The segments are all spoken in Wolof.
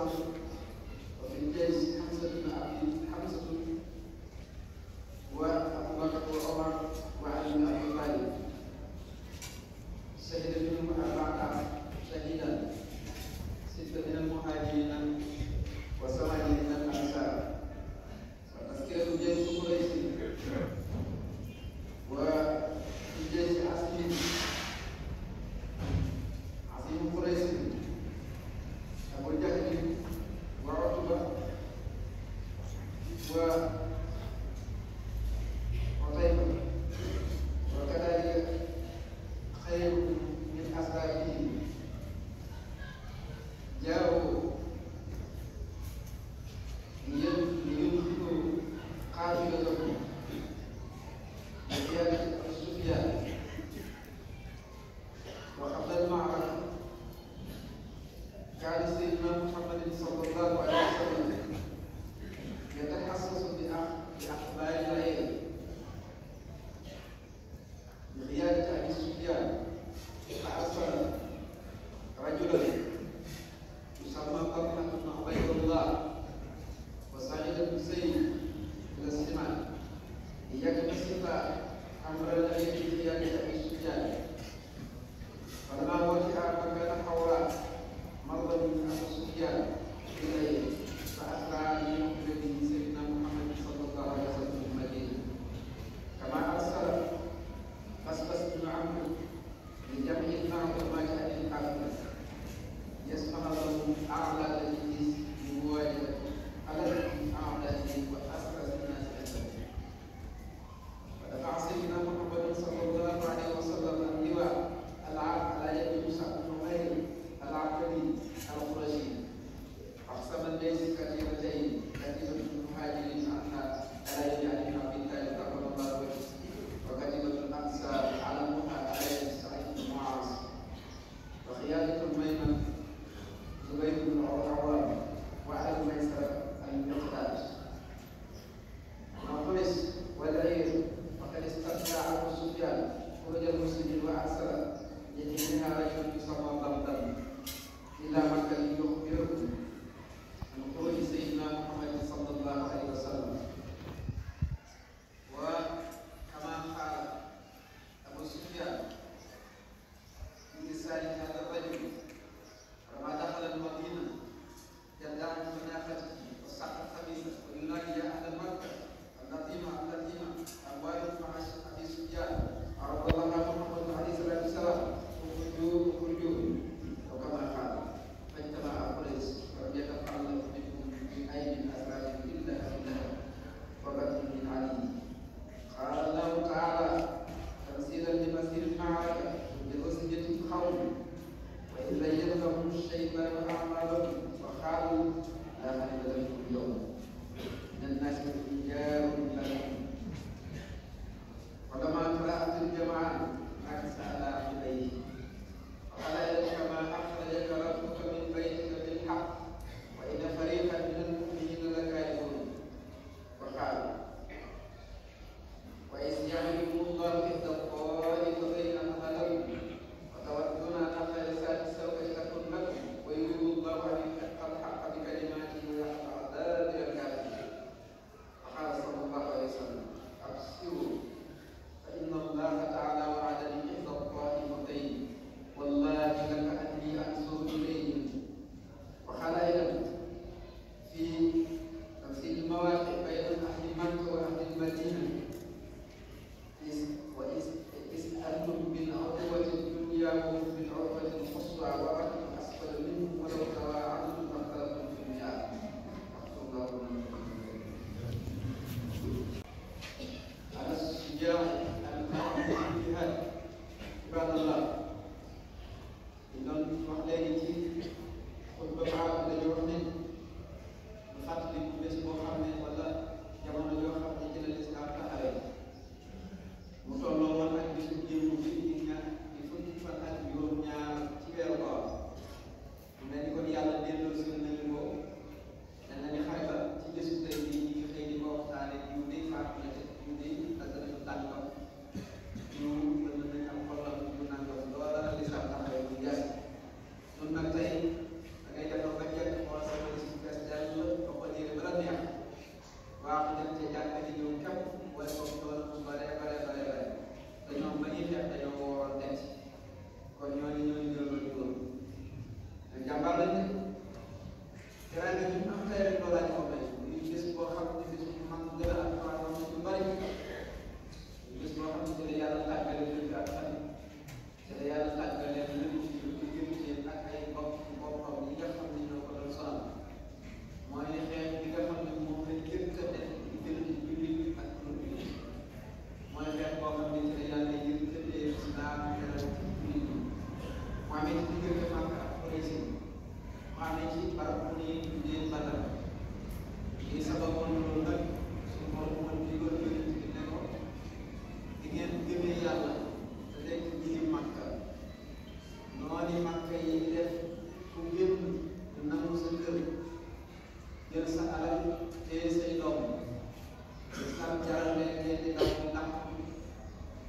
Gracias. and how it Amen. maanaam ci barab bu ñuy tuddee Badar lii sababoon loolu nag suñu borom mën digoon yonent bi ne ko di ngeen gëmee yàlla te lekk julli màkka sa alal téye say doom islam jaarale ngeen di daw ndax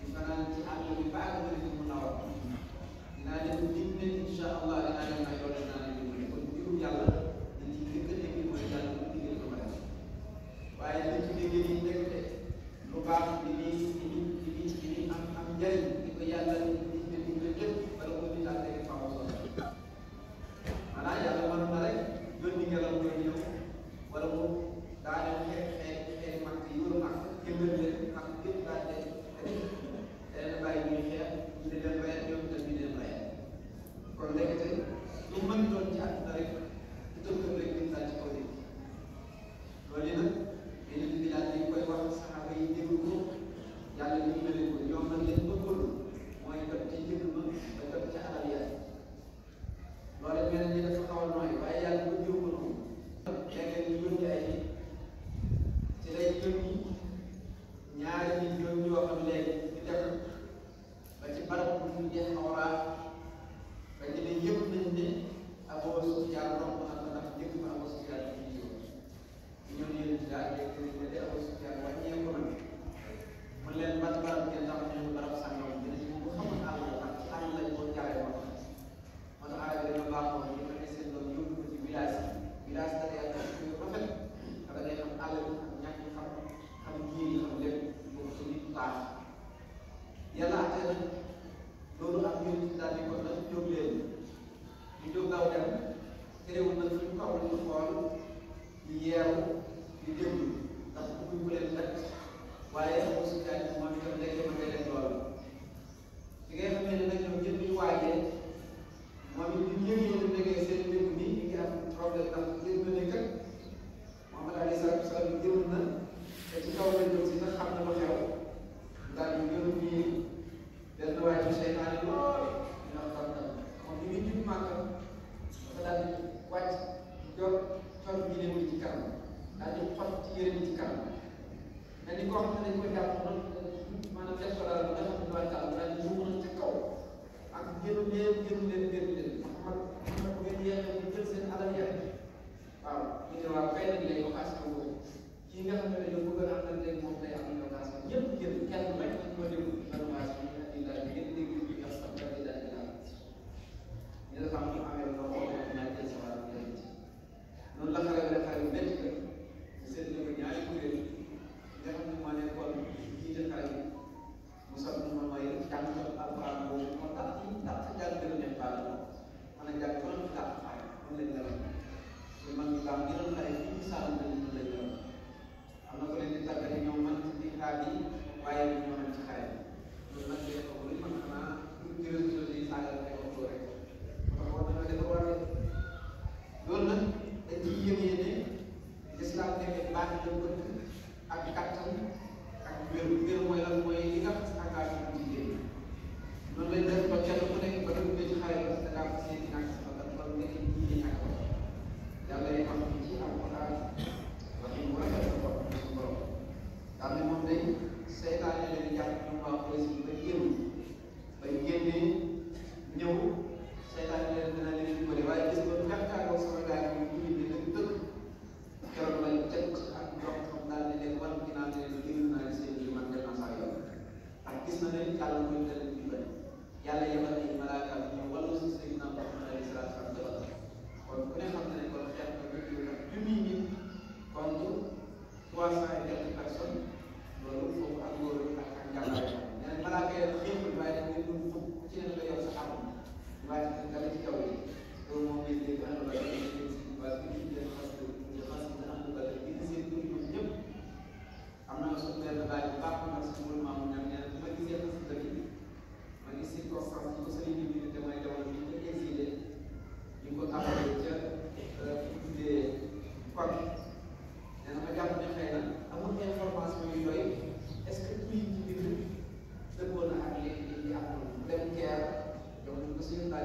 di fanaan ci àll bi baax na allah dinaa leen yeewu di déglu ndax bu ñu leen lekk waaye koo xam ne dañ jëloon na ay fii saalum dañu ñu lay yor am na ko leen di tàggati ñoom man ci biir xaar yi waaye ñu mën ci xare yi loolu nag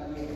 también.